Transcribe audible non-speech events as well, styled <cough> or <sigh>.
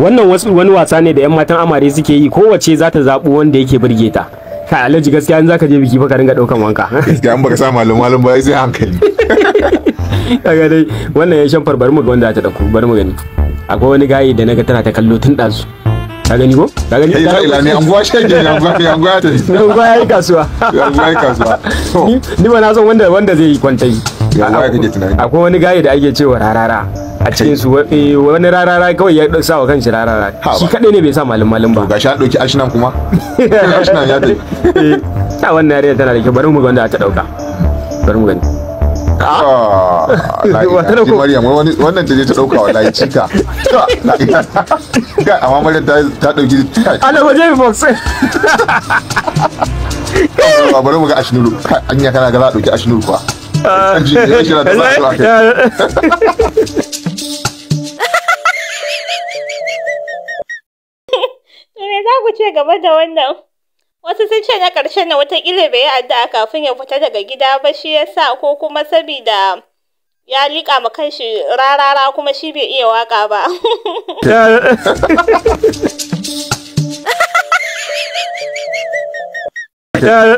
wannan wasu wani wasa ne da yan matan amare suke yi kowace za ta zaɓi wanda yake burge ta kai alhaji gaskiya in zaka je biki fa ka ringa ɗaukan wanka <laughs> gaskiya an baka sa malam malam ba sai hankali <laughs> kaga dai wannan ya shan farbar mu ga wanda ta dauko bari mu gani akwai wani gayi da naga tana ta kallo tun ɗazu ka gani ko ka gani ka ila ne an gwa shege an gwa an gwa ta ne gwa <laughs> yayi kasuwa an gwa kasuwa ni ba na son wanda wanda zai yi kwantai akwai wani gayi da ake cewa rarara a cikin su eh, wani rarara kawai ya sa wa kanshi rarara shi kadai ne bai sa malin malin ba gashi an dauki ashinan kuma ashinan ya dai ta eh, wannan yarinya tana da kyau bari mu ga wanda ta dauka bari mu gani ah, ah! <laughs> Maryam wannan ta je ta dauka wallahi <laughs> cika. Ga amma Maryam ta dauki cika. Ana waje box. <laughs> Bari mu ga Ashinuru. Anya kana ga za a dauki Ashinuru fa. Me za ku ce gaba da wannan? Wasu sun ce na ƙarshen na watakila bai yi addu'a kafin ya fita daga gida ba shi ya sa ko kuma sabida ya liƙa ma kanshi rarara kuma shi bai iya waƙa ba. <laughs> <laughs>